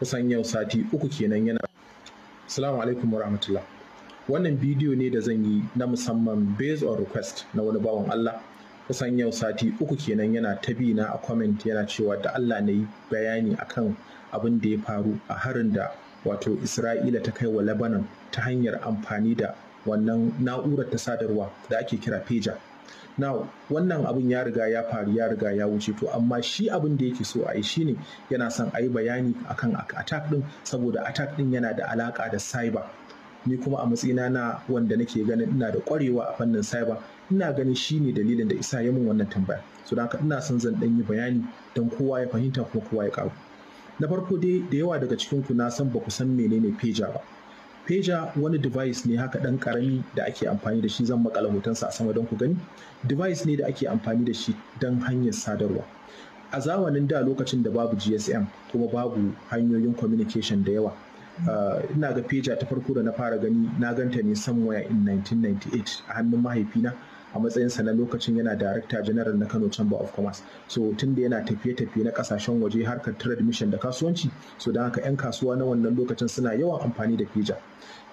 kusan yau sati uku kenan yana Assalamu alaikum warahmatullah wannan bidiyo ne da zan yi na musamman based on request na wani bawan Allah kusan yau sati uku kenan yana ta bi na a comment yana cewa da Allah na yi bayani akan abin da ya faru a harin da wato Isra'ila ta kai wa Lebanon ta hanyar amfani da wannan na'urar ta sadarwa da ake kira pager now wannan abin ya riga ya faru ya riga ya wuce to amma shi abin da yake so a yi shine yana son a yi bayani akan attack ɗin saboda attack ɗin yana da alaka da cyber ni kuma a matsayina na wanda nake ganin ina da kwarewa a fannin cyber ina ganin shi ne dalilin da isa ya min wannan tambaya so haka ina son zan dan yi bayani don kowa ya fahimta kuma kowa ya karu na farko dai da yawa daga cikin ku na san ba ku san menene pager ba feja wani device ne haka ɗan ƙarami da ake amfani da shi zan makala hotonsa a sama don ku gani. Device ne da ake amfani da shi don hanyar sadarwa. A zamanin da lokacin da babu GSM kuma babu hanyoyin communication da yawa. Eh, ina ga feja ta farko da na fara gani na ganta ne somewhere in 1998 a hannun mahaifina. a matsayinsa na lokacin yana darakta general na kano chamber of commerce so tun da yana tafiye-tafiye na kasashen waje harkar trade mission da kasuwanci so don haka 'yan kasuwa na wannan lokacin suna yawan amfani da fija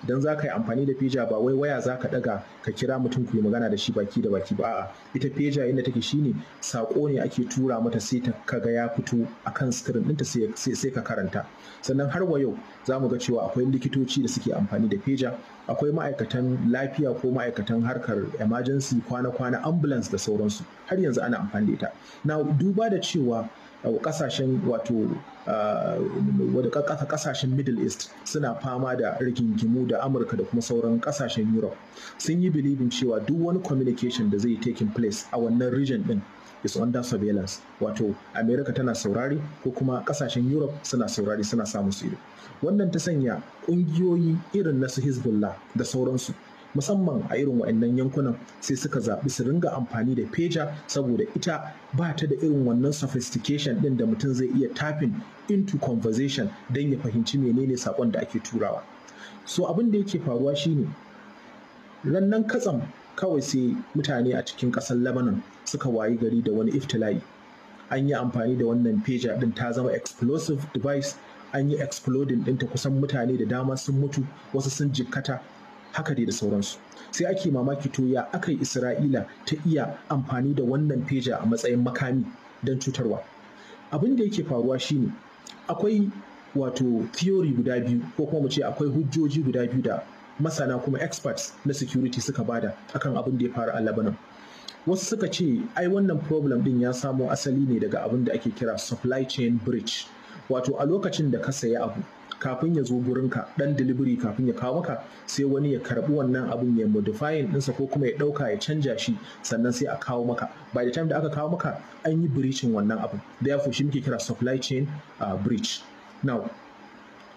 don za ka yi amfani da feja ba wai waya za ka daga ka kira mutum ku yi magana da shi baki da baki ba a'a ita feja inda take shi ne sako ne ake tura mata sai ta kaga ya fito akan screen ɗinta sai sai ka karanta sannan har wa yau za mu ga cewa akwai likitoci da suke amfani da feja akwai ma'aikatan lafiya ko ma'aikatan harkar emergency kwana-kwana ambulance da sauransu har yanzu ana amfani da ita na duba da cewa kasashen wato kasashen middle east suna fama da rigingimu da amurka da kuma sauran kasashen europe sun yi bilibin cewa duk wani communication da zai taking place a wannan region din is under surveillance wato america tana saurari ko kuma kasashen europe suna saurari suna samu su ido wannan ta sanya kungiyoyi irin na su hezbollah da sauransu musamman a irin wa'annan yankunan sai suka zaɓi su ringa amfani da feja saboda ita ba ta da irin wannan sophistication ɗin da mutum zai iya tapping into conversation don ya fahimci menene saƙon da ake turawa so abin da yake faruwa shine rannan katsam kawai sai mutane a cikin ƙasar lebanon suka wayi gari da wani iftila'i an yi amfani da wannan feja ɗin ta zama explosive device an yi exploding ɗinta kusan mutane da dama sun mutu wasu sun jikkata haka dai da sauransu sai ake mamaki to ya aka yi isra'ila ta iya amfani da wannan feja a matsayin makami don cutarwa abin da yake faruwa shine akwai wato theory guda biyu ko kuma mu ce akwai hujjoji guda biyu da masana kuma experts na security suka bada akan abin da ya faru a Lebanon wasu suka ce ai wannan problem din ya samo asali ne daga abin da ake kira supply chain breach wato a lokacin da ka sayi abu kafin ya zo gurinka dan delivery kafin ya kawo maka sai wani ya karbi wannan abun ya modifying ɗinsa ko kuma ya ɗauka ya canja shi sannan sai a kawo maka by the time da aka kawo maka an yi breaching wannan abun therefore shi muke kira supply chain uh, breach now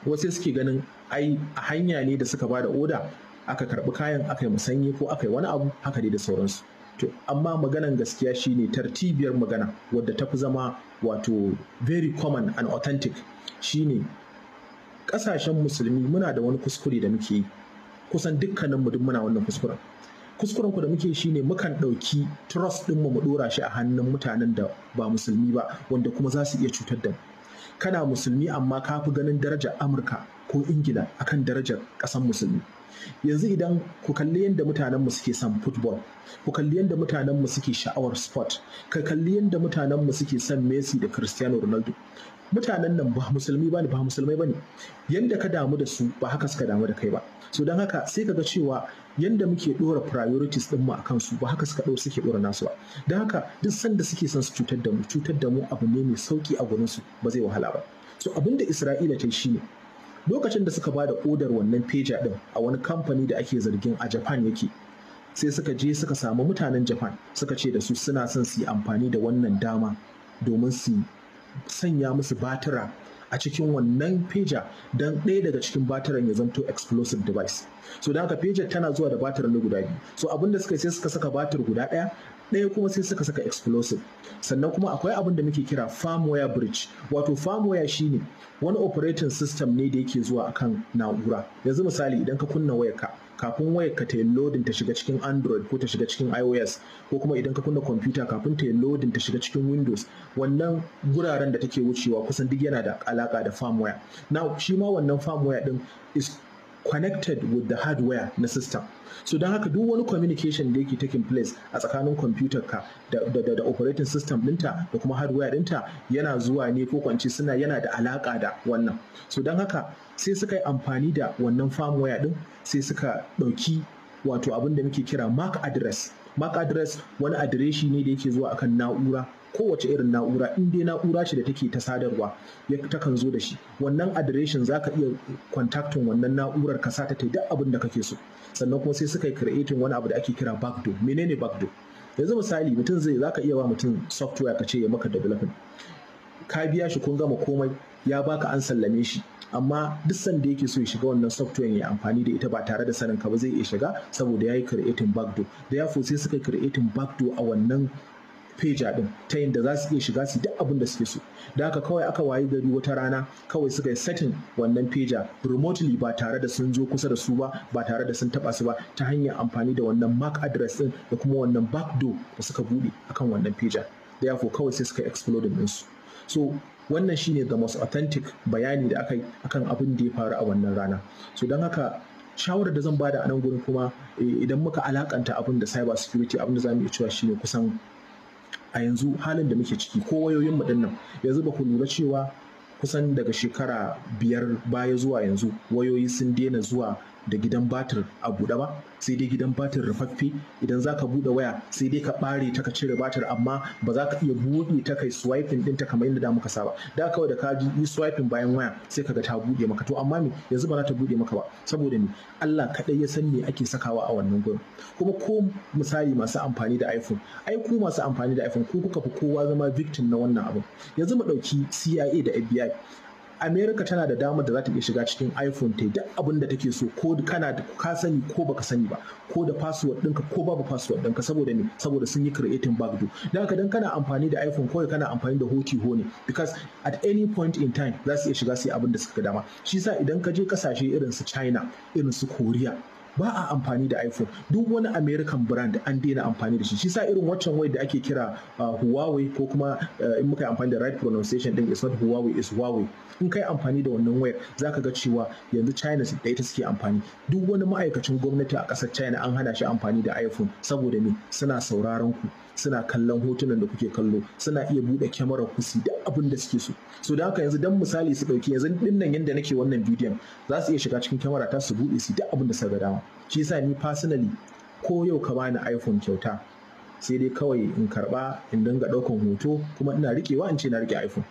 wasu suke ganin ai a hanya ne da suka bada oda aka karbi kayan aka yi musanye ko aka yi wani abu haka dai da sauransu to amma maganan gaskiya shine tartibiyar magana wadda ta fi zama wato very common and authentic shine kasashen musulmi muna da wani kuskure da muke yi kusan dukkanin mu duk muna wannan kuskuren kuskuren ku da muke shi ne mukan ɗauki trust ɗin mu mu ɗora shi a hannun mutanen da ba musulmi ba wanda kuma za su iya cutar da mu kana musulmi amma ka fi ganin darajar amurka ko ingila akan darajar ƙasan musulmi yanzu idan ku kalli yadda mutanenmu suke son football ku kalli yadda mutanenmu suke sha'awar sport ka kalli yadda mu suke son messi da cristiano ronaldo mutanen nan ba musulmi ne ba musulmai ba ne yadda ka damu da su ba haka suka damu da kai ba so don haka sai ka ga cewa yadda muke dora priorities din mu akan su ba haka suka dora suke dora nasu ba don haka duk sanda suke son su cutar da mu cutar da mu abu ne mai sauki a gurin su ba zai wahala ba so abin da Isra'ila ta yi shine lokacin da suka ba da odar wannan peja din a wani kamfani da ake zargin a Japan yake sai suka je suka samu mutanen Japan suka ce da su suna son su yi amfani da wannan dama domin su sanya musu batira a cikin wannan feja don ɗaya daga cikin batiran ya zanto explosive device so da haka feja tana zuwa da batir na guda biyu so abinda suka sai suka saka batir guda ɗaya ɗaya kuma sai suka saka explosive sannan kuma akwai abin da muke kira firmware bridge wato firmware shine wani operating system ne da yake zuwa akan na'ura yanzu misali idan ka kunna wayarka kafin wayar ka tayi yi loading ta shiga cikin android ko ta shiga cikin ios ko kuma idan ka kunna kwamfuta kafin ta yi loading ta shiga cikin windows wannan guraren da take wucewa kusan duk yana da alaka da firmware na shi ma wannan firmware din is connected with the hardware na system so don haka duk wani communication da yake taking place a tsakanin computer ka da, operating system dinta da kuma hardware dinta yana zuwa ne ko kwanci suna yana da alaka da wannan so don haka sai suka yi amfani da wannan firmware din sai suka ɗauki wato abin da muke kira mark address mark address wani adireshi ne da yake zuwa akan na'ura kowace irin na'ura in dai na'ura shi da take ta sadarwa ya takan zo da shi wannan adireshin za ka iya kwantaktin wannan na'urar ka sata ta ta duk abin da kake so sannan kuma sai suka yi creating wani abu da ake kira backdoor menene backdoor yanzu misali mutum zai za ka iya ba mutum software ka ce ya maka development ka biya shi kun gama komai ya baka an sallame shi amma duk sanda yake so ya shiga wannan software ya amfani da ita ba tare da sanin ka ba zai iya shiga saboda ya yi creating backdoor da ya sai suka creating backdoor a wannan feja din ta yadda za su iya shiga su duk abin da suke so da haka kawai aka wayi gari wata rana kawai suka yi setting wannan peja remotely ba tare da sun zo kusa da su ba ba tare da sun taba su ba ta hanyar amfani da wannan mac address din da kuma wannan backdoor da suka bude akan wannan peja feja yafo kawai sai suka exploding din su so wannan shine the most authentic bayani da aka yi akan abin da ya faru a wannan rana so don haka shawarar da zan bada a nan gurin kuma eh, idan muka alakanta abin da cyber security abin da za mu iya cewa shine kusan a yanzu halin da muke ciki ko wayoyin mu dinnan yanzu ba ku lura cewa kusan daga shekara biyar baya zuwa yanzu wayoyi sun daina zuwa da gidan batir a buɗe ba sai dai gidan batir rufaffe idan za ka buɗe waya sai dai ka ɓare ta ka cire batir amma ba za ka iya buɗe ta kai swiping ɗinta kamar yadda da muka saba da kawai da ka ji yi swiping bayan waya sai ka ga ta buɗe maka to amma me yanzu ba za ta buɗe maka ba saboda me Allah kaɗai ya san me ake sakawa a wannan gurin kuma ko misali masu amfani da iPhone ai ku masu amfani da iPhone ku kuka fi kowa zama victim na wannan abu yanzu mu ɗauki CIA da FBI America tana da damar da za ta iya shiga cikin iPhone ta duk abin da take so ko kana ka sani ko baka sani ba ko da password ɗinka ko babu password ɗinka saboda ne saboda sun yi creating backdoor dan haka dan kana amfani da iPhone kawai kana amfani da hoti ho ne because at any point in time za su iya shiga su yi abin da suka dama shi sa idan ka je kasashe irin su China irin su Korea ba a amfani da iphone duk wani american brand an daina amfani da shi shi sa irin waccan wai da ake kira uh, huawei ko kuma uh, in muka amfani da right pronunciation din is not huawei is huawei in kai amfani da wannan wayar ka ga cewa yanzu china su ɗaya ta suke amfani duk wani ma'aikacin gwamnati a ƙasar china an hana shi amfani da iphone saboda me suna sauraron ku suna kallon hotunan da kuke kallo suna iya buɗe kyamarar kusi su da abin da suke so so da haka yanzu dan misali su ɗauki yanzu dinnan yanda nake wannan bidiyon za su iya shiga cikin kyamara ta su buɗe su da abin da suka dama shi yasa ni personally ko yau ka bani iPhone kyauta sai dai kawai in karba in dinga ɗaukan hoto kuma ina riƙewa in ce na rike iPhone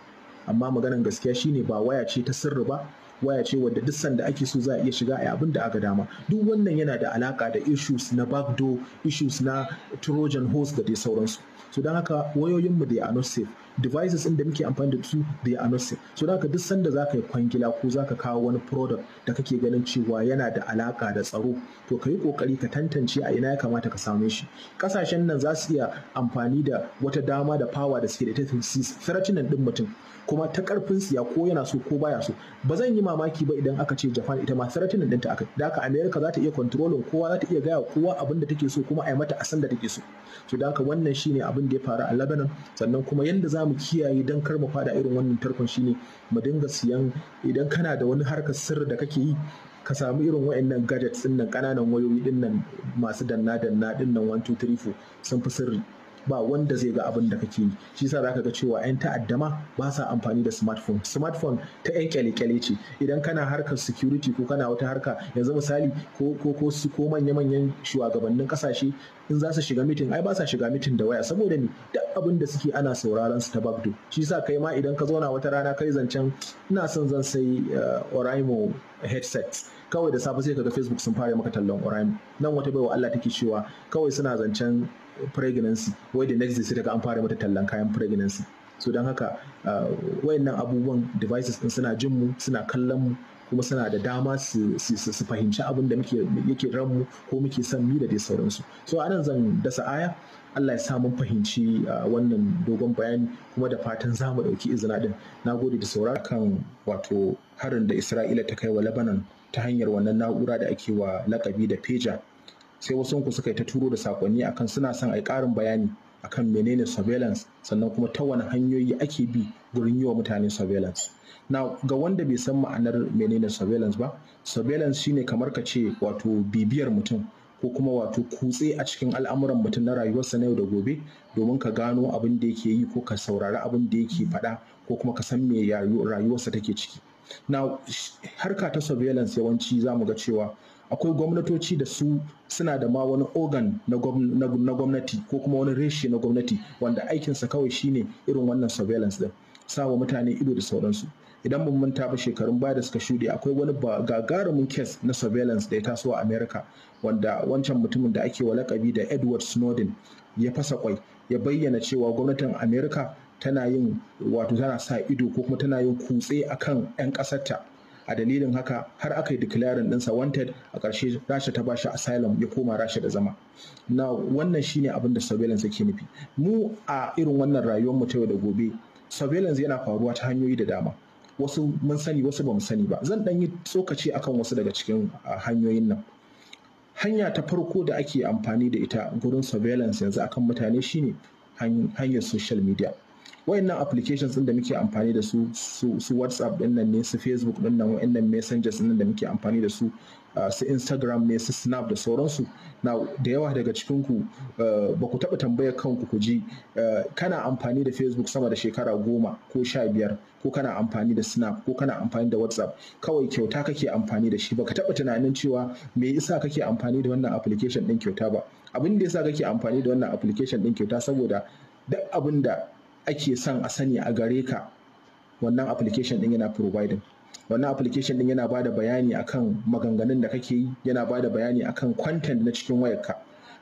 amma maganan gaskiya shine ba waya ce ta sirri ba waya ce wanda duk sanda ake so za a iya shiga a abin da aka dama duk wannan yana da alaka da issues na backdoor issues na trojan horse da dai sauransu so don haka wayoyinmu da are not safe devices ɗin da muke amfani da su they are not same so duk sanda zaka yi kwangila ko zaka kawo wani product da kake ganin cewa yana da alaka da tsaro to ka yi kokari ka tantance a ina ya kamata ka same shi kasashen nan za su iya amfani da wata dama da power da suke da ta nan ɗin mutum kuma ta karfin siya ko yana so ko baya so ba zan yi mamaki ba idan aka ce Japan ita ma threatening ɗinta aka da haka America za ta iya controlling kowa za ta iya gaya kowa abin da take so kuma a yi mata a sanda take so to da haka wannan shine abin da ya faru a Lebanon sannan kuma yanda za za mu kiyaye don kar mu fada irin wannan tarkon shine mu dinga siyan idan kana da wani harkar sirri da kake yi ka samu irin wa'annan gadgets din nan kananan wayoyi din nan masu danna danna din nan 1 2 3 4 sun fi sirri ba wanda zai ga abin da kake yi shi yasa zaka ga cewa 'yan ta'adda ma ba sa amfani da smartphone smartphone ta 'yan kyale-kyale ce idan kana harkar security ko kana wata harka yanzu misali ko ko ko su ko manya-manyan shugabannin kasashe in za su shiga mitin ai ba sa shiga mitin da waya saboda ni duk abin da suke ana sauraron su ta bagdo shi yasa kai ma idan ka zauna wata rana kai zancen ina son zan sai eh, Oraimo headset kawai da safe sai kaga Facebook sun fara maka tallan Oraimo nan wata baiwa Allah take cewa kawai suna zancen pregnancy wai da next day sai daga an fara mata tallan kayan pregnancy so don haka ah, wayannan abubuwan devices din suna jin mu suna kallon mu kuma suna da dama su fahimci abin da muke yake ranmu ko muke son mi da dai sauransu so anan zan dasa aya Allah ya sa mun fahimci ah, wannan dogon bayani kuma da fatan za mu ɗauki izina ɗin na gode da saura kan wato harin da Isra'ila ta kai wa Lebanon ta hanyar wannan na'ura da ake wa lakabi da feja sai wasu ku suka yi ta turo da sakonni akan suna son ai karin bayani akan menene surveillance sannan kuma ta wani hanyoyi ake bi gurin yi wa mutane surveillance na ga wanda bai san ma'anar menene surveillance ba surveillance shine kamar ka ce wato bibiyar mutum ko kuma wato kutse a cikin al'amuran mutum na rayuwarsa na yau da gobe domin ka gano abin da yake yi ko ka saurari abin da yake faɗa ko kuma ka san me rayuwarsa take ciki na harka ta surveillance yawanci za mu ga cewa akwai gwamnatoci da su suna da ma wani organ na gwamnati ko kuma wani reshe na gwamnati wanda aikinsa kawai shine irin wannan surveillance din sawa mutane ido da sauransu idan mun manta ba shekarun baya da suka shuɗe akwai wani gagarumin kes na surveillance da ya taso a america wanda wancan mutumin da ake walakabi da edward snowden ya fasa kwai ya bayyana cewa gwamnatin america tana yin wato tana sa ido ko kuma tana yin kutse akan 'yan ƙasarta a dalilin haka har aka yi declaring dinsa wanted a ƙarshe rasha ta bashi asylum ya koma rasha da zama na wannan shine abin da surveillance yake nufi mu a irin wannan rayuwar mu ta yau da gobe surveillance yana faruwa ta hanyoyi da dama wasu mun sani wasu ba mu sani ba zan ɗan yi tsokaci akan wasu daga cikin hanyoyin nan hanya ta farko da ake amfani da ita gurin surveillance yanzu akan mutane shine hanyar social media wayannan applications din da muke amfani da su su whatsapp din nan ne su facebook din nan wayannan messengers din da muke amfani da su ah, su instagram ne su snap da sauransu na da yawa daga cikinku ah, ba ku taɓa tambayar kanku ku ji ah, kana amfani da facebook sama da shekara goma ko sha biyar ko kana amfani da snap ko kana amfani da whatsapp kawai kyauta kake amfani da shi baka taɓa tunanin cewa me yasa kake amfani da wannan application din kyauta ba abin da yasa kake amfani da wannan application din kyauta saboda duk abin da ake son a sani a gare ka wannan application din yana providing wannan application din yana bada bayani akan maganganun da kake yi yana bada bayani akan content na cikin wayarka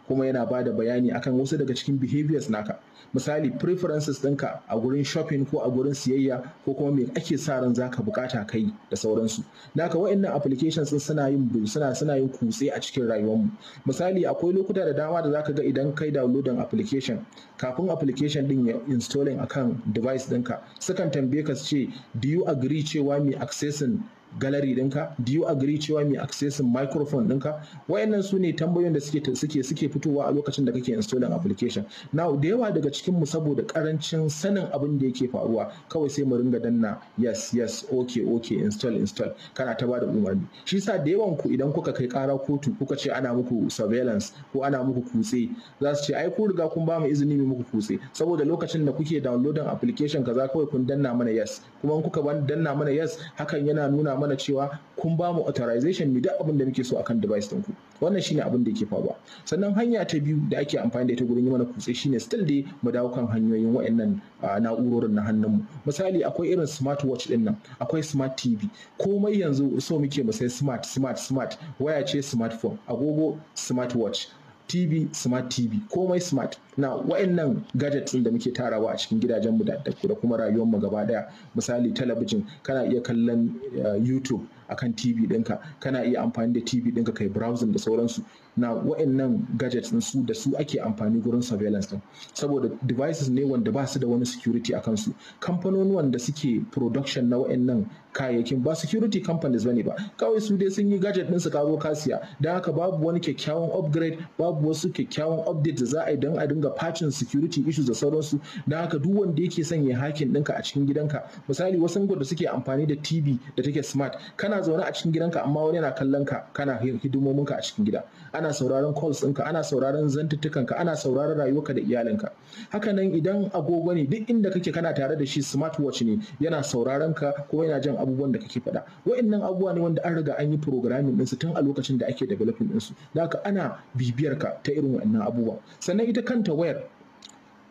kuma yana ba da bayani akan wasu daga cikin behaviors naka misali preferences ɗinka a gurin shopping ko a gurin siyayya ko kuma me ake sa ran zaka bukata kai da sauransu naka wa'annan applications din suna yin suna suna yin kutse a cikin rayuwarmu misali akwai lokuta da dama da zaka ga idan kai downloading application kafin application ɗin ya installing akan device ɗinka sukan tambaye ka su ce do you agree cewa me accessing gallery dinka do you agree cewa mai accessing microphone dinka? wayannan su ne tambayoyin da suke suke suke fitowa a lokacin da kake installing application now da yawa daga cikin mu saboda karancin sanin abin da yake faruwa kawai sai mu ringa danna yes yes okay okay install install kana ta bada umarni shi yasa da yawan ku idan kuka kai kara kotu kuka ce ana muku surveillance ko ana muku kutse za su ce ai ku riga kun ba mu izini mu muku kutse saboda lokacin da kuke downloading application kaza kawai kun danna mana yes kuma in kuka danna mana yes hakan yana nuna mana cewa kun ba mu authorization mu duk abin da muke so akan device ɗinku wannan shine abin da yake faruwa sannan hanya ta biyu da ake amfani da ita gurin yi mana kutse shine still dai mu dawo kan hanyoyin wa'annan ah, na'urorin na hannun mu. misali akwai irin smart watch din nan akwai smart tv komai yanzu so muke mu sai smart smart smart waya ce smartphone agogo smart watch tv smart tv komai smart na wa'annan gadget ɗin da muke tarawa a cikin mu da da kuma rayuwar mu gaba daya misali talabijin kana iya kallon eh, youtube akan tv dinka kana iya amfani da tv dinka kai browsing da sauransu na wa'annan gadgets din su da su ake amfani gurin surveillance din saboda devices ne wanda ba su da wani security akan su kamfanonin wanda suke production na wa'annan kayayyakin ba security companies bane ba kawai su dai sun yi gadget din su kawo kasiya dan haka babu wani kyakkyawan upgrade babu wasu kyakkyawan update da za a yi dan a dinga ga patching security issues da sauransu don haka duk wanda yake son ya hakin ɗinka a cikin gidanka misali wasu da suke amfani da tv da take smart kana zaune a cikin gidanka amma wani yana kallon ka kana hidimominka a cikin gida ana sauraron calls ɗinka ana sauraron zantuttukanka ana sauraron rayuwarka da iyalinka haka nan idan agogo ne duk inda kake kana tare da shi smartwatch ne yana sauraron ka ko yana jan abubuwan da kake faɗa wa'annan abubuwa ne wanda an riga an yi programming ɗinsu tun a lokacin da ake developing ɗinsu da haka ana bibiyar ka ta irin wa'annan abubuwa sannan ita kanta wayar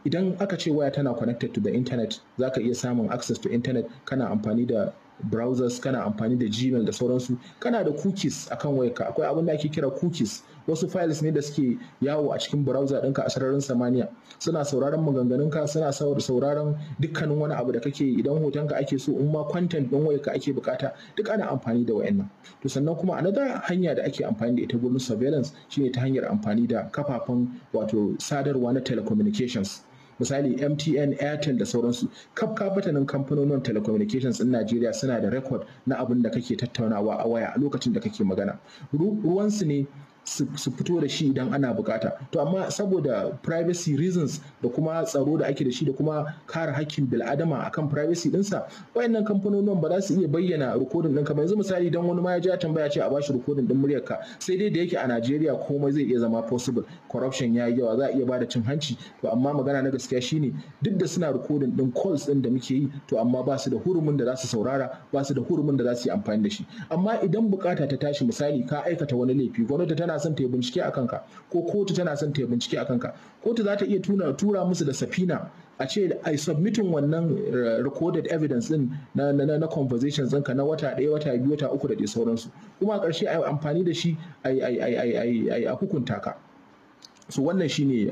idan aka ce waya tana connected to the internet za iya samun access to internet kana amfani da browsers kana amfani da gmail da sauransu kana da cookies akan wayarka akwai abin da ake kira cookies wasu files ne da suke yawo a cikin browser ɗinka a sararin samaniya suna sauraron maganganunka suna sauraron dukkanin wani abu da kake idan hotonka ake so in ma content ɗin wayarka ake bukata duk ana amfani da wayannan to sannan kuma another hanya da ake amfani da ita gurin surveillance shine ta hanyar amfani da kafafen wato sadarwa na telecommunications misali mtn airtel da sauransu kaf kafatanin kamfanonin telecommunications in najeriya suna da record na abin da kake tattaunawa a waya a lokacin da kake magana ruwansu ne su fito da shi idan ana bukata to amma saboda privacy reasons da kuma tsaro da ake da shi da kuma kare hakkin bil'adama akan privacy dinsa wayannan kamfanonin ba za su iya bayyana rikodin ɗinka ba yanzu misali idan wani ma ya ja tambaya ce a bashi rikodin din muryarka sai dai da yake a Najeriya komai zai iya zama possible corruption ya yi yawa za a iya bada cin hanci to amma magana na gaskiya shi ne duk da suna rikodin din calls ɗin da muke yi to amma ba su da hurumin da za su saurara ba su da hurumin da za su yi amfani da shi amma idan bukata ta tashi misali ka aikata wani laifi gwamnati tana tana son ta yi bincike a kanka ko kotu tana son ta yi bincike a kanka kotu za ta iya tura musu da safina a ce a submitting wannan eh, recorded evidence din na, na, na, conversations ɗinka na wata ɗaya wata biyu wata uku da dai sauransu kuma a ƙarshe a yi amfani da shi a hukunta ka so wannan shine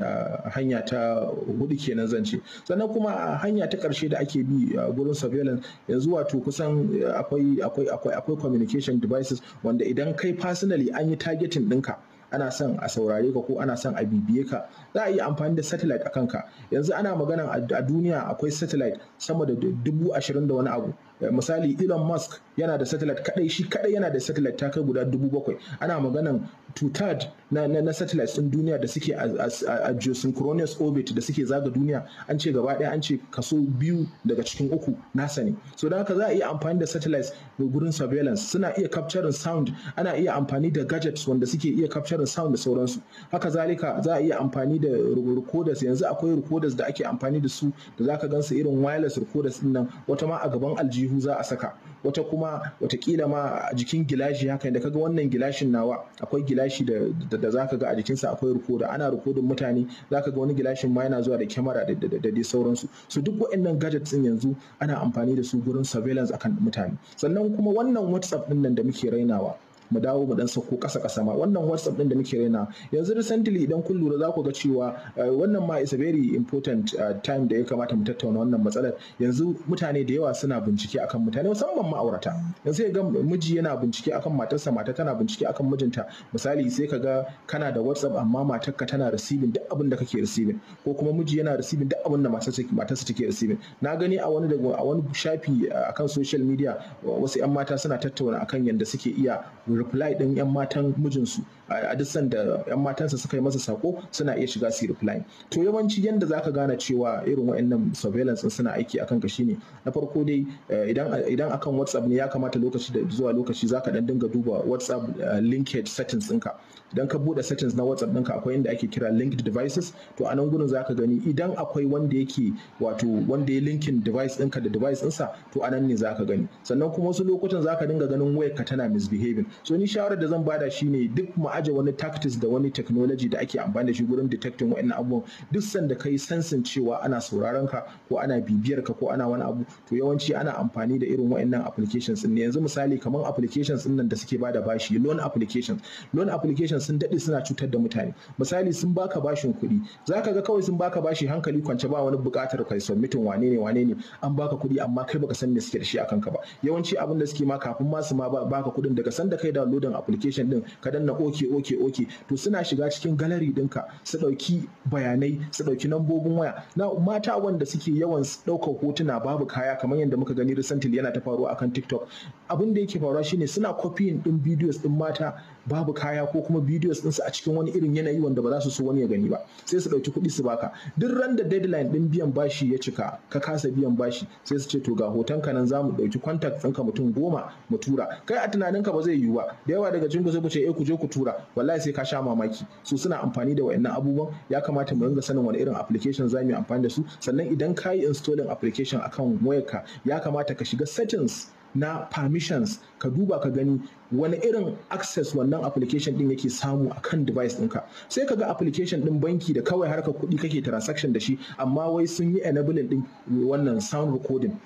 hanya ta hudu kenan zan ce sannan kuma hanya ta karshe da ake bi a gurin surveillance yanzu wato kusan akwai akwai akwai communication devices wanda idan kai personally an yi targeting ɗinka ana son a saurare ka ko ana son a bibiye ka za a yi amfani da satellite a kanka yanzu ana magana a duniya akwai satellite sama da dubu ashirin da wani abu misali Elon Musk yana da satellite kadai shi kadai yana da satellite ta kai guda dubu bakwai ana maganan two-third na, na, na satellites din duniya da suke a, geosynchronous orbit da suke zaga duniya an ce gaba ɗaya an ce kaso biyu daga cikin uku nasa ne so da haka za a iya amfani da satellites gurin surveillance suna iya capturing sound ana iya amfani da gadgets wanda suke iya capturing sound da sauransu haka zalika za a iya amfani da recorders yanzu akwai recorders da ake amfani da su da zaka gansu irin wireless recorders din nan wata ma a gaban aljihu ihu za a saka wata kuma watakila ma a jikin gilashi haka da kaga wannan gilashin nawa akwai gilashi da da ka ga a jikinsa akwai rikoda ana rikodin mutane za ka ga wani gilashin ma yana zuwa da kyamara da dai sauransu su duk waɗannan gadgets din yanzu ana amfani da su gurin surveillance akan mutane sannan kuma wannan whatsapp din nan da muke rainawa mu dawo mu dan sako ƙasa ƙasa ma wannan whatsapp din da muke raina yanzu recently idan kun lura za ku ga cewa eh, wannan ma is a very important eh, time da ya kamata mu tattauna wannan matsalar yanzu mutane da yawa suna bincike akan mutane musamman ma'aurata yanzu ya ga miji yana bincike akan matarsa mata tana bincike akan mijinta misali sai ka ga kana da whatsapp amma matarka tana receiving duk abin da kake receiving ko kuma miji yana receiving duk abin da matarsa take receiving na gani a wani daga a wani shafi eh, akan social media wasu 'yan mata suna tattauna akan yadda suke iya reply ɗin 'yan matan mijinsu a duk sanda yan matansa suka yi masa sako suna iya shiga su reply to yawanci yanda zaka gane cewa irin waɗannan surveillance suna aiki akan ka shine na farko dai eh, idan akan WhatsApp ne ya kamata lokaci da zuwa lokaci zaka dan dinga duba WhatsApp eh, linkage settings ɗinka idan ka bude settings na WhatsApp ɗinka akwai inda ake kira linked devices to a nan gurin zaka gani idan akwai wanda yake wato wanda ya linkin device ɗinka da device ɗinsa to a nan ne zaka gani sannan kuma wasu lokutan zaka dinga ganin wayarka tana misbehaving so ni shawarar da zan bada shine duk ma aje wani tactics da wani technology da ake amfani da shi gurin detecting wa'annan abubuwan duk sanda kai sansin cewa ana sauraron ka ko ana bibiyar ka ko ana wani abu to yawanci ana amfani da irin wa'annan applications din yanzu misali kamar applications din nan da suke bada bashi loan applications loan applications sun dade suna cutar da mutane misali sun baka bashin kuɗi zaka ga kawai sun baka bashi hankali kwance ba wani buƙatar kai submitting wane ne wane ne an baka kuɗi amma kai baka san me suke da shi akan ka ba yawanci abin da suke ma kafin ma su ma baka kuɗin daga sanda kai downloading application din ka danna okay oke oke oke to suna shiga cikin galeri dinka su ɗauki bayanai su ɗauki lambobin waya na mata wanda suke yawan ɗaukar hotuna babu kaya kamar yadda muka gani recently yana ta faruwa akan tiktok abin da yake faruwa shine suna copying ɗin videos ɗin mata babu kaya ko kuma videos ɗinsu a cikin wani irin yanayi wanda ba za su so wani ya gani ba sai su ɗauki kuɗi su baka duk ran da deadline ɗin biyan bashi ya cika ka kasa biyan bashi sai su ce to ga hoton ka nan mu ɗauki contact ɗinka mutum goma mu tura kai a tunaninka ba zai yiwu ba da yawa daga cikin sai ku ce eh ku je ku tura wallahi sai ka sha mamaki su suna amfani da wayannan abubuwan ya kamata mu ringa sanin wani irin application za mu yi amfani da su sannan idan ka yi installing application akan wayarka ya kamata ka shiga settings na permissions ka duba ka gani wani irin access wannan application din yake samu a kan device ɗinka sai ka ga application din banki da kawai harkar kuɗi kake transaction da shi amma wai sun yi enabling din wannan sound recording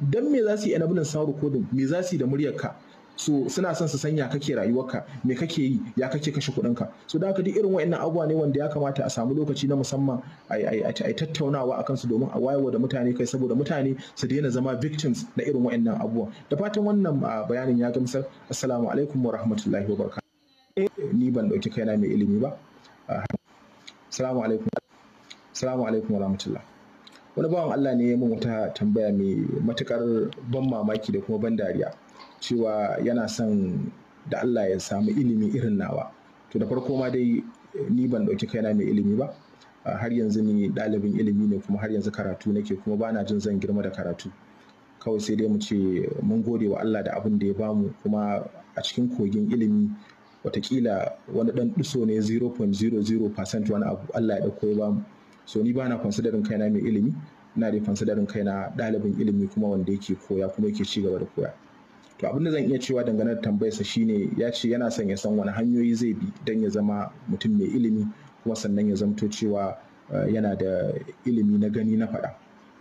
don me za su yi enabling sound recording me za su yi da muryarka so suna son su sanya kake rayuwarka me kake yi ya kake kashe kuɗinka so da haka duk irin wa'annan abubuwa ne wanda ya kamata a samu lokaci na musamman a tattaunawa a kansu domin a wayewa da mutane kai saboda mutane su daina zama victims na irin wa'annan abubuwa da fatan wannan ah, bayanin ya gamsar assalamu alaikum wa rahmatullahi wa barka eh, ni ban dauki kaina mai ilimi ba ah, assalamu alaikum assalamu alaikum wa rahmatullah wani bawan Allah ne ya mun wata tambaya mai matukar ban mamaki da kuma ban dariya cewa yana son da Allah ya samu ilimi irin nawa to da farko ma dai eh, ni ban ɗauki kaina mai ilimi ba har yanzu ni ɗalibin ilimi ne kuma har yanzu karatu nake kuma bana jin zan girma da karatu kawai sai dai mu ce mun gode wa Allah da abin da ya bamu kuma a cikin kogin ilimi watakila wani ɗan duso ne 0.00% wani abu Allah ya ɗauko ya bamu so ni bana considering kaina mai ilimi ina dai considering kaina ɗalibin ilimi kuma wanda yake koya kuma yake ci gaba da koya to abin da zan iya cewa dangane da tambayarsa shine ya ce yana son ya san wani hanyoyi zai bi don ya zama mutum mai ilimi kuma sannan ya zamto cewa eh, yana da ilimi na gani na faɗa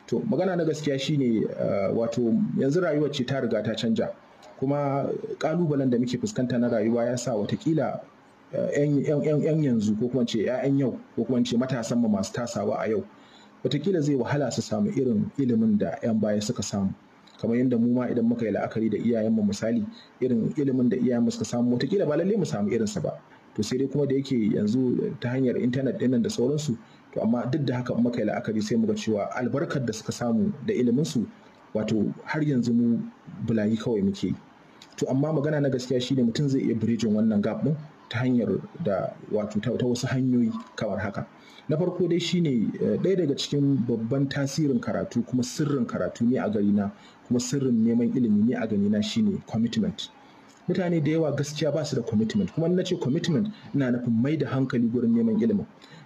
to magana na gaskiya shine eh, wato yanzu rayuwar ce ta riga ta canja kuma ƙalubalen da muke fuskanta na rayuwa ya sa watakila 'yan eh, yanzu ko kuma ce 'ya'yan yau ko kuma ce matasan masu tasawa a yau watakila zai wahala su samu irin ilimin da 'yan baya suka samu kamar yadda mu ma idan muka yi la'akari da iyayenmu misali irin ilimin da iyayenmu suka samu wataƙila ba lallai mu samu irinsa ba to sai dai kuma da yake yanzu ta hanyar intanet dinnan da sauransu to amma duk da haka muka yi la'akari sai ga cewa albarkar da suka samu da iliminsu wato har yanzu mu bulayi kawai muke to amma magana na gaskiya shine mutum zai iya birijin wannan gap din ta hanyar da wato ta wasu hanyoyi kamar haka na farko dai shine eh, ɗaya daga cikin babban tasirin karatu kuma sirrin karatu ne a gari na kuma sirrin neman ilimi ne a gani ganina shine commitment mutane da yawa gaskiya ba su da commitment kuma na ce commitment ina nufin mai da hankali gurin neman ilimi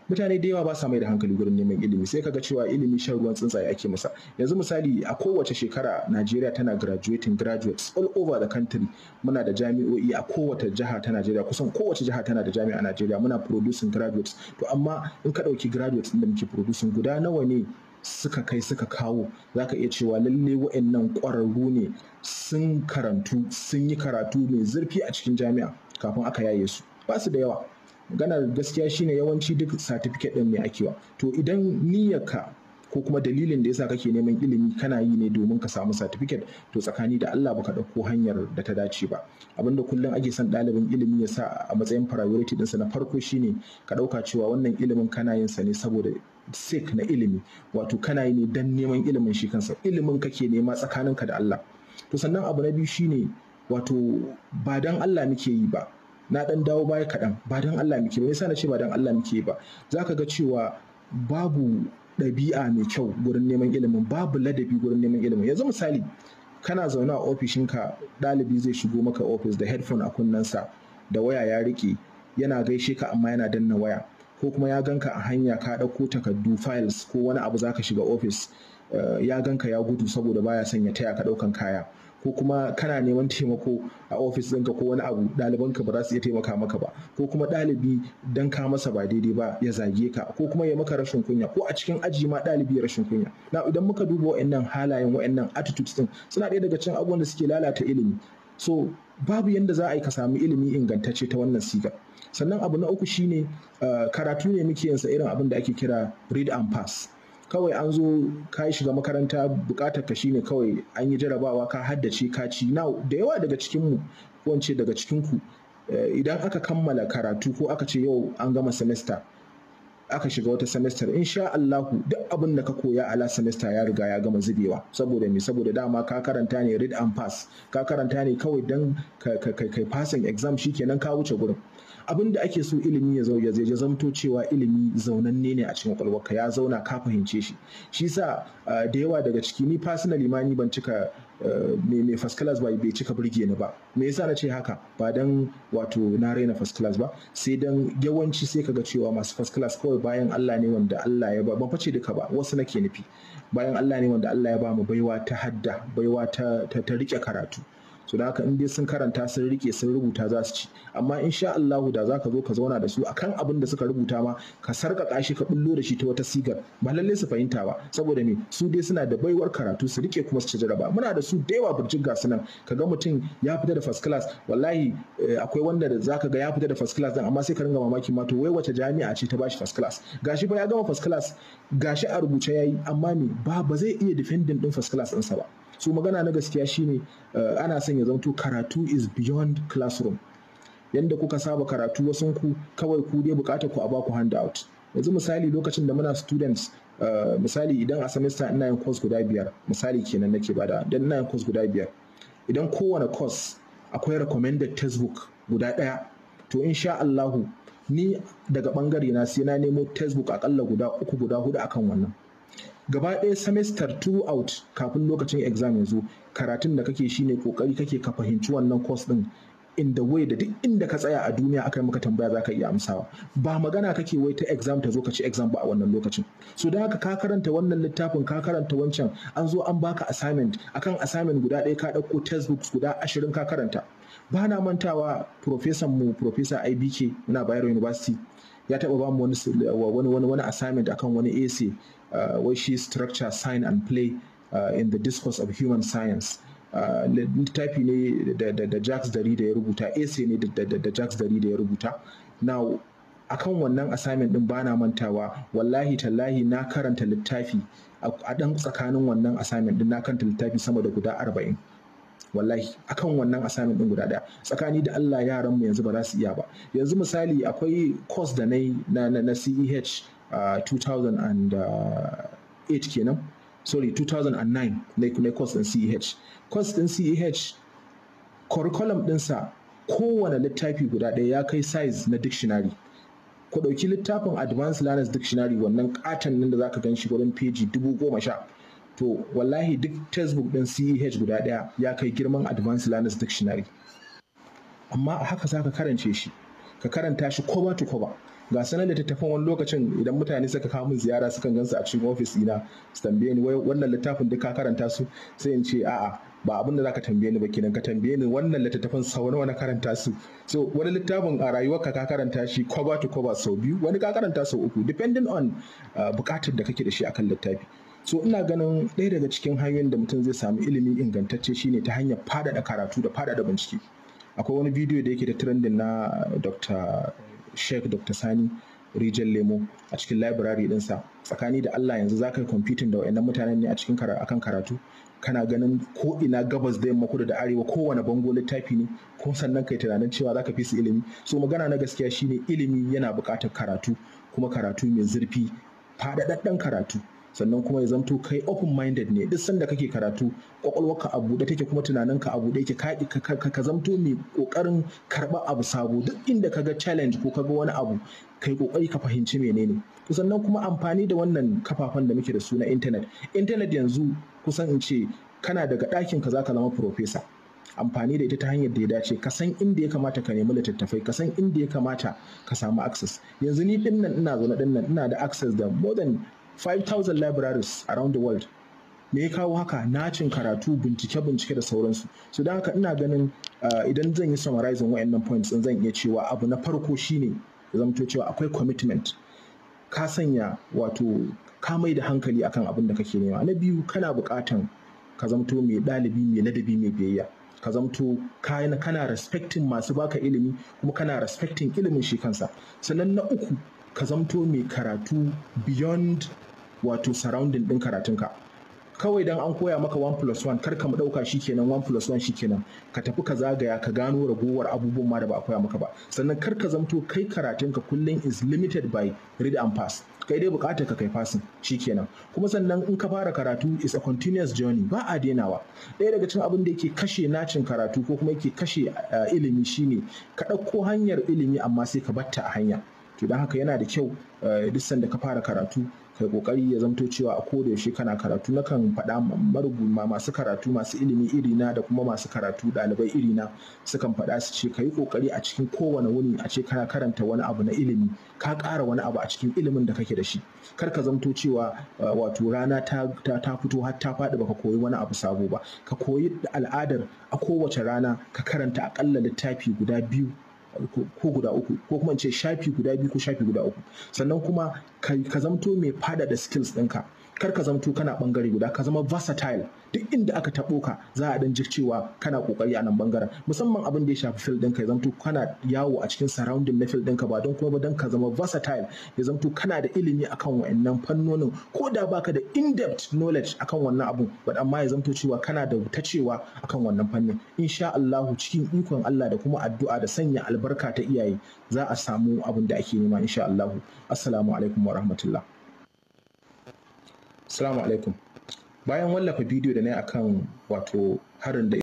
mutane da yawa ba sa mai da hankali gurin neman ilimi sai kaga cewa ilimi shan ruwan tsuntsaye ake masa yanzu misali a kowace shekara Najeriya tana graduating graduates all over the country muna da jami'o'i a kowace jiha ta Najeriya kusan kowace jiha tana da jami'a a Najeriya muna producing graduates to amma in ka dauki graduates din da muke producing guda nawa ne suka kai suka kawo za ka iya cewa lalle wa'annan ƙwararru ne sun karantu sun yi karatu mai zurfi a cikin jami'a kafin aka yaye su ba su da yawa ganar gaskiya shine yawanci duk satifiket ɗin mai akewa to idan niyyarka ko kuma dalilin da yasa kake neman ilimi kana yi ne domin ka samu satifiket to tsakani da Allah baka ɗauko hanyar da ta dace ba abinda kullum ake son ɗalibin ilimi ya sa a matsayin priority ɗinsa na farko shine ka ɗauka cewa wannan ilimin kana yin sa ne saboda sik na ilimi wato kana yi ne dan neman ilimin shi kansa ilimin kake nema tsakaninka da Allah to sannan abu na biyu shine wato ba dan Allah muke yi ba na dan dawo baya kaɗan ba dan Allah muke ba yasa na ce ba dan Allah muke ba zaka ga cewa babu ɗabi'a mai kyau gurin neman ilimin babu ladabi gurin neman ilimin yanzu misali kana zaune a ofishinka ɗalibi zai shigo maka ofis da headphone a kunnensa da waya ya riƙe yana gaishe ka amma yana danna waya ko kuma ya ganka a hanya ka ɗauko takardu files ko wani abu zaka shiga ofis eh, ya ganka ya gudu saboda baya son ya taya ka ɗaukan kaya ko kuma kana neman taimako a ofis ɗinka ko wani abu ɗalibanka ba za su iya taimaka maka ba ko kuma ɗalibi dan ka masa ba daidai ba ya zage ka ko kuma ya maka rashin kunya ko a cikin aji ma ɗalibi ya rashin kunya na idan muka duba wa'annan halayen wa'annan attitudes ɗin suna ɗaya daga cikin abubuwan da suke lalata ilimi so babu yadda za a yi ka samu ilimi ingantacce ta wannan sigar sannan abu na uku shine eh, karatu ne muke yinsa irin abin da ake kira read and pass kawai an zo ka shiga makaranta bukatar ka shine kawai an yi jarabawa ka haddace ka ci na da yawa daga cikin mu wance daga cikin ku eh, idan aka kammala karatu ko aka ce yau an gama semester aka shiga wata semester insha Allahu duk abin da ka koya a last semester ya riga ya gama zubewa saboda me saboda dama ka karanta ne read and pass ka karanta ne kawai dan kai passing exam shikenan ka wuce gurin abin da ake so ilimi ya zauya zai zamto cewa ilimi zaunanne ne a cikin kwakwalwarka ya zauna ka fahimce shi shi sa da yawa daga ciki ni fasina ma ban cika mai first class ba bai cika burge ni ba me yasa na ce haka ba dan wato na raina first class ba sai dan yawanci sai kaga cewa masu first class kawai bayan Allah ne wanda Allah ya ba ban face duka ba wasu nake nufi bayan Allah ne wanda Allah ya ba mu baiwa ta hadda baiwa ta ta rike karatu su da haka in dai sun karanta sun rike sun rubuta za su ci amma sha Allah da za ka zo ka zauna da su akan abin da suka rubuta ma ka sarƙaƙa shi ka bullo da shi ta wata sigar ba lallai su fahimta ba saboda me su dai suna da baiwar karatu su rike kuma su ci jaraba muna da su da yawa burjin gasu nan ka ga mutum ya fita da first class wallahi eh, akwai wanda da ka ga ya fita da first class din amma sai ka ringa mamaki ma to wai wace jami'a ce ta bashi first class gashi ba ya gama first class gashi a rubuce yayi amma me ba ba zai iya defending din first class sa ba su magana na gaskiya shine eh, ana son ya zanto karatu is beyond classroom yanda kuka saba karatu wasun ku kawai ku dai bukatar ku a baku handout yanzu misali lokacin da muna students eh, misali idan a semester ina yin course guda biyar misali kenan nake bada dan ina yin course guda biyar idan kowane course akwai recommended textbook guda ɗaya to insha Allahu ni daga bangare na sai na nemo textbook akalla guda uku guda hudu akan wannan gaba ɗaya semester two out kafin lokacin exam ya zo karatun da kake shine kokari kake ka fahimci wannan course din in the way da duk inda ka tsaya a duniya aka yi maka tambaya za ka iya amsawa ba magana kake wai ta exam ta zo ka ci exam ba a wannan lokacin so da haka ka karanta wannan littafin ka karanta wancan an zo an baka assignment akan assignment guda ɗaya ka ɗauko textbooks guda ashirin ka karanta ba na mantawa professor mu professor IBK na Bayero University ya taɓa ba mu wani wani assignment akan wani AC Uh, where shi structure sign and play uh, in the discourse of human science uh, littafi ne da Jacques Derrida ya rubuta essay ne da Jacques Derrida ya rubuta now akan wannan assignment din bana mantawa wallahi tallahi na karanta littafi a dan tsakanin wannan assignment din na karanta littafi sama da guda arba'in wallahi akan wannan assignment din guda daya tsakani da Allah yaran mu yanzu ba za su iya ba yanzu misali akwai course da na na CEH 2008 uh, kenan sorry 2009 na course din CEH course din CEH curriculum ɗinsa kowane littafi guda ɗaya ya kai size na dictionary ku ɗauki littafin advanced learners dictionary wannan katon nan da zaka gan shi wurin peji dubu goma sha to wallahi duk textbook ɗin ceh guda ɗaya ya kai girman advanced learners dictionary amma a haka zaka karance shi ka karanta shi cover to cover ga sanar da littattafan wani lokacin idan mutane suka kawo min ziyara sukan gansu a cikin ofis ina su tambaye ni wannan littafin duk ka karanta su sai in ce a'a ba abin da zaka tambaye ni ba kenan ka tambaye ni wannan littattafan sau nawa na karanta su so wani littafin a rayuwarka ka karanta shi cover to cover sau biyu wani ka karanta sau uku depending on uh, bukatar da kake da shi akan littafi so ina ganin ɗaya daga cikin hanyoyin da mutum zai samu ilimi ingantacce shine ta hanyar faɗaɗa karatu da faɗaɗa bincike akwai wani bidiyo da yake da trending na uh, dr Sheikh Dr. Sani Rijal Lemo a cikin library ɗinsa tsakani da Allah yanzu zaka computing da wayannan mutanen ne a cikin akan karatu kana ganin ko ina gabas da yamma kudu da arewa ko kowane bango littafi ne ko sannan kai tunanin cewa zaka fi su ilimi so magana na gaskiya shine ilimi yana buƙatar karatu kuma karatu mai zurfi faɗaɗɗen karatu sannan kuma ya zamto kai open minded ne duk sanda kake karatu kwakwalwarka a buɗe take kuma tunaninka a buɗe yake ka zamto mai kokarin karba abu sabo duk inda kaga challenge ko kaga wani abu kai kokari ka fahimci menene sannan kuma amfani da wannan kafafen da muke da su na internet internet yanzu kusan in ce kana daga ɗakin ka zaka zama professor amfani da ita ta hanyar da ya dace ka san inda ya kamata ka nemi littattafai ka san inda ya kamata ka samu access yanzu ni dinnan ina zaune na dinnan ina da access da more than 5,000 libraries around the world me ya kawo haka na cin karatu bincike-bincike da sauransu su da haka ina ganin ah, idan zan yi summarizing wa'annan points zan iya cewa abu na farko shine ya cewa akwai commitment ka sanya wato ka mai da hankali akan abin da kake nema na biyu kana bukatan ka zamto mai ɗalibi mai ladabi mai biyayya ka zamto kana respecting masu baka ilimi kuma kana respecting ilimin shi kansa sannan na uku ka zamto mai karatu beyond wato surrounding din karatunka kawai dan an koya maka 1 plus 1 kar ka mu ɗauka kenan 1 plus 1 kenan ka tafi ka zagaya ka gano ragowar abubuwan ma da ba a koya maka ba sannan kar ka zamto kai karatun ka kullum is limited by read and pass kai dai bukatar ka kai fasin shikenan kuma sannan in ka fara karatu is a continuous journey ba a denawa ɗaya daga cikin abin da yake kashe nacin karatu ko kuma yake kashe eh, ilimi shine ka ɗauko hanyar ilimi amma sai ka batta a hanya to don haka yana da kyau eh, duk sanda ka fara karatu kai kokari ya zamto cewa a koda yaushe kana karatu na kan faɗa marubuta masu karatu masu ilimi irina da kuma masu karatu ɗalibai irina sukan faɗa su ce ka yi kokari a cikin kowane wuni a ce kana karanta wani abu na ilimi ka ƙara wani abu a cikin ilimin da kake da shi kar ka zamto cewa eh, wato rana ta ta fito har ta faɗi baka koyi wani abu sabo ba ka koyi al'adar a kowace rana ka karanta akalla littafi guda biyu ko guda uku ko kuma ce shafi guda biyu ko shafi guda uku sannan kuma ka zamto mai faɗaɗa skills ɗinka kar ka zamto kana bangare guda ka zama versatile duk inda aka tabo ka za a dan cewa kana kokari a nan bangaren musamman abin da ya shafi field ɗinka ya zamto kana yawo a cikin surrounding na field ɗinka ba don kuma ba don ka zama versatile ya zamto kana da ilimi akan wa'annan fannonin ko da baka da in-depth knowledge akan wannan abun but amma ya zamto cewa kana da ta cewa akan wannan fannin insha Allahu cikin ikon Allah da kuma addu'a da sanya albarka ta iyaye za a samu abin da ake nema insha Allahu assalamu alaikum wa rahmatullah Salamu alaikum. Bayan wallafa bidiyo da na yi akan wato harin da